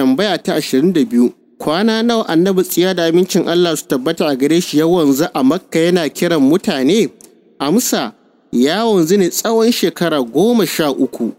tambaya ta ashirin da biyu, kwana nawa annabi tsiya da amincin Allah su tabbata a gare shi ya wanzu a makka yana kiran mutane amsa ya wanzu ne tsawon shekara goma sha uku